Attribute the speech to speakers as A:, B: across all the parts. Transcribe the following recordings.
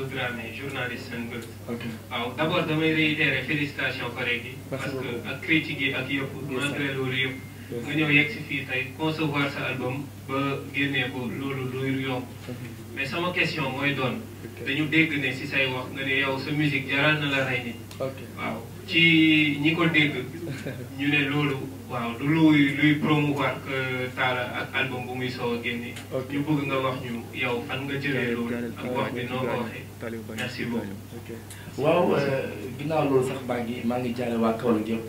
A: Amadou Dramé journaliste Senbuzz. waaw d' abord damay réitérer félicitation collègue yi. parce que ak critique yi ak yëpp. malgré loolu yëpp. nga ñëw yegg si fii tey concevoir album ba génnee ko loolu du yomb. mais sama question mooy doon. dañu dégg ne si say wax nga ne yow sa musique jaral na la rey nit. waaw. ci ñi ko dégg ñu ne loolu waaw du luy luy promouvoir que Talla ak album bu muy soo génne ñu bëgg nga wax ñu yow fan nga jëlee loolu ak wax bi noo ko waxee euh, loolu sax maa ngi maa ngi jaale waa Kaolack yëpp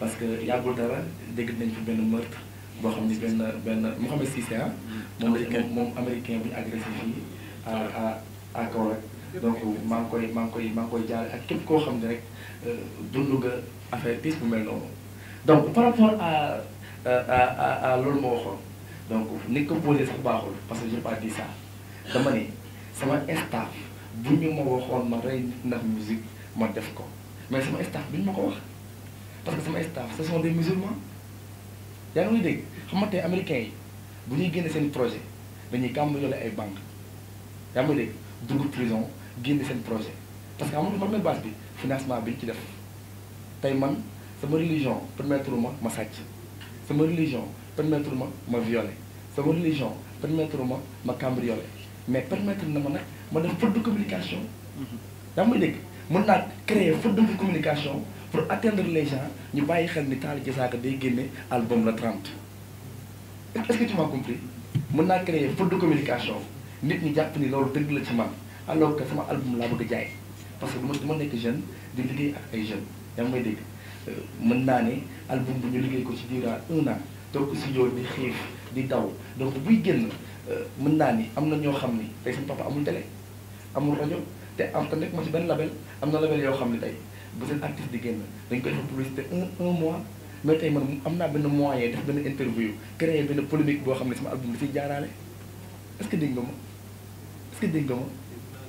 A: parce que yàggul dara dégg nañ fi benn meurtre boo xam ne benn benn Mouhamed Cissé ah mm. moom moom américain bu ñu ak fii à à à Kaolack donc maa ngi koy maa ngi koy maa ngi koy jaale ak képp koo xam ne rek euh, dund nga affaire tiis bu mel noonu donc par rapport à à loolu ma waxoon donc nekk ko posé sax baaxul parce que j'ai pas dit ça dama ni sama staff bu ñu ma waxoon ma rey nit ndax musique ma def ko mais sama staff bu ñu ma ko wax parce que sama staff ce sont des musulmans yaa ngi dégg xam nga yi bu ñuy génne seen projet dañuy cambrioler ay banques yaa ngi dégg dugg prison. génne seen projet parce que amul man base bi financement bi ñu ci def tey man sama religion permettre ma ma sàcc sama religion permettre ma ma violer sama religion permettre ma ma cambrioler mais permettre na ma nag ma def faute de communication. yaa ma dégg mën naa créer faute de communication pour atteindre les gens ñu bàyyi xel ni Talla Diazaka day génne album la 30 est-ce que tu compris mën naa créer faute de communication nit ñu jàpp ni loolu dëgg la ci man. alors sama album laa bëgg jaay parce que du ma du ma nekk jeune di liggéey ak ay jeunes yaa ngi may dégg euh, mën naa ne album bu ñu liggéey ko ci durant un naa donc studio di xiif di daw donc buy génn euh, mën naa ni am na ñoo xam ni tey sama papa amul télé amul rajo te am tant nekk ma ci benn label am na label yoo xam ne tey bu seen artiste di génn dañ koy def publicité un un mois mais tey man am naa benn moyen def benn interview créer benn polémique boo xam ne sama album dafay jaaraale est-ce que dégg nga est-ce que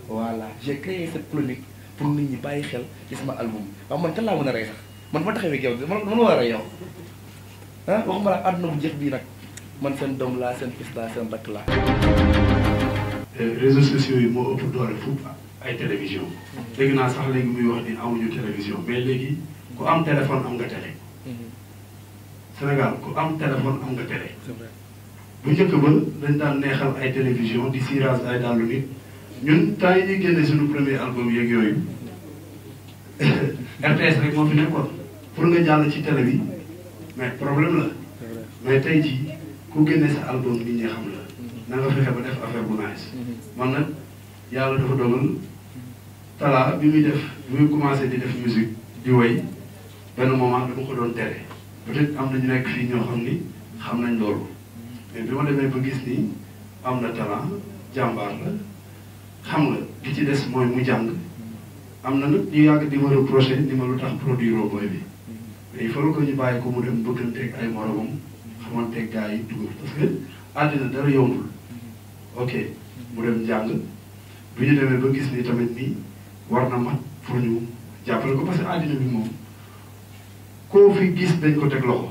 A: voilà j'ai créé cette chronique pour nit ñi bàyyi xel ci sama album waaw man kan laa mën a rey sax man ma taxawee ak yow man man ma a rey yow ah waxuma la àdduna bu jeex bii nag man seen doom laa seen fils laa seen rakk laa.
B: Euh, réseaux sociaux yi moo ëpp doole fu ay télévision mm-hmm. dégg naa sax léegi muy wax ni amuñu télévision mais léegi ku am téléphone am nga télé. Mm-hmm. Sénégal ku am téléphone am nga télé. bu njëkk ba dañ daan neexal ay télévision di sirage ay dàllu ñun temps yi ñuy génne suñu premier album yeeg yooyu RTS rek moo pour nga jàll ci télé bi mais problème la mais tey jii ku génne sa album nit ñi xam la na nga fexe ba def affaire bu nice man nag yàlla dafa dogal talaa bi muy def bi muy commencé di def musique di woy benn moment dama ko doon tere peut-être am na ñu nekk fii ñoo xam ni xam nañ loolu mais bi ma demee ba gis ni am na talent jàmbaar la xam nga li ci des mooy mu jàng am na nag ñu yàgg di ma reproché ni ma lu produit booy bi mais il faut que ñu bàyyi ko mu dem bëgganteeg ay moromam xamanteeg gars yi dugub parce que àddina dara yombul ok mu dem jàng bi ñu demee ba gis ni tamit nii war na mat pour ñu jàppale ko parce que àddina bi moom koo fi gis dañ ko teg loxo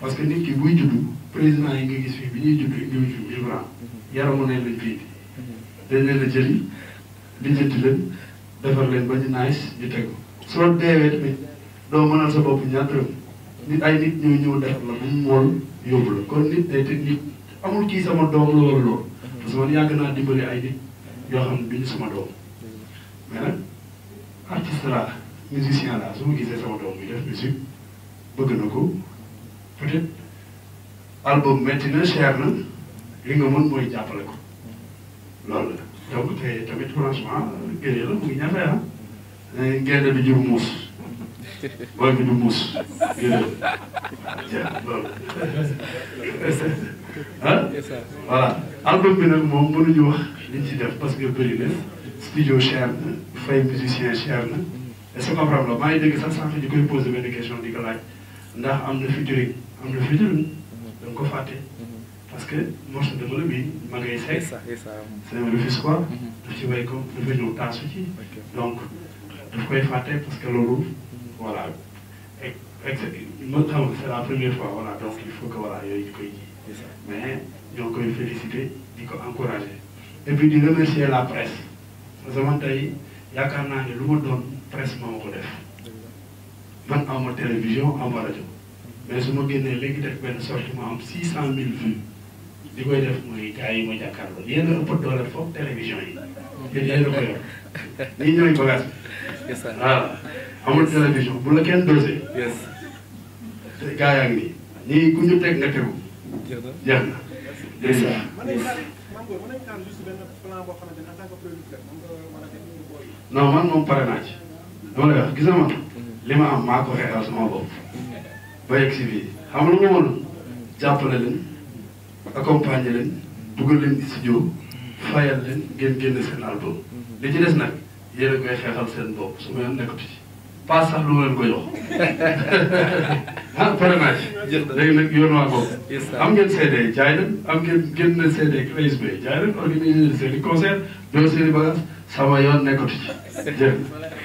B: parce que nit ki buy juddu président yi nga gis fii bi ñuy juddu individu mille francs yaramu ne lañ fi indi dañ leen a jëli lijjanti leen defar leen ba ñu nice ñu tegu soo deewee tamit doo mënal sa bopp ñaar dërëm nit ay nit ñoo ñëw defar la bu mu mool yóbbu la kon nit day teg nit amul kii sama doom la wala loolu parce que man yàgg naa dimbali ay nit yoo xam ne du ñu sama doom mais nag artiste la musicien la su ma gisee sama doom bi def musique bëgg na ko peut-être album metti na cher na li nga mën mooy jàppale ko loolu yow te tamit franchement génne la mu ngi ñafe ah. génne bi jur muus booy bi du muus génne loolu
A: ah voilà
B: album bi nag moom mënuñu wax liñ ci def parce studio cher na fay musicien cher na est la maa ngi dégg sax sànq ñu koy posé di ko laaj am na am na featuring ko fàtte. que non seulement la bii ma ngay seet. seen refus quoi. daf ci béy ko dafa ñëw taasu ci. donc daf koy fàtte parce que loolu. Mhm. voilà et et xam nga c'est la première fois voilà donc il faut que voilà yooyu ñu koy ji. mais ñoo koy féliciter di ko encourager. et puis di la presse parce que man tey yaakaar naa ne lu ma doon presse moo ma ko def man aw ma télévision aw ma rajo mais su ma génnee léegi def benn sortie mu am di koy def mooy gars yi ma jàkkaarloo yéen a ëpp doole foofu télévision yi. yéen yéen a ko yor ñooy bagage bi. voilà amul télévision bu kenn dosé. te gars yaa ngi nii ku ñu teg nga tegu. man moom pare naa ci. Mm-hmm. li ma am maa ko xeexal sama si bii xam nga lu ma accompagner leen dugal leen studio fayal leen ngeen génne seen album li ci des nag yéen a koy xeexal seen bopp su ma yoon nekkatu ci pas sax ko jox ah pare naa ci léegi nag yoon waa boobu am ngeen CD jaay am ngeen génne CD crise bi jaay leen organiser seen i concert doo sama yoon nekkatu ci jërëjëf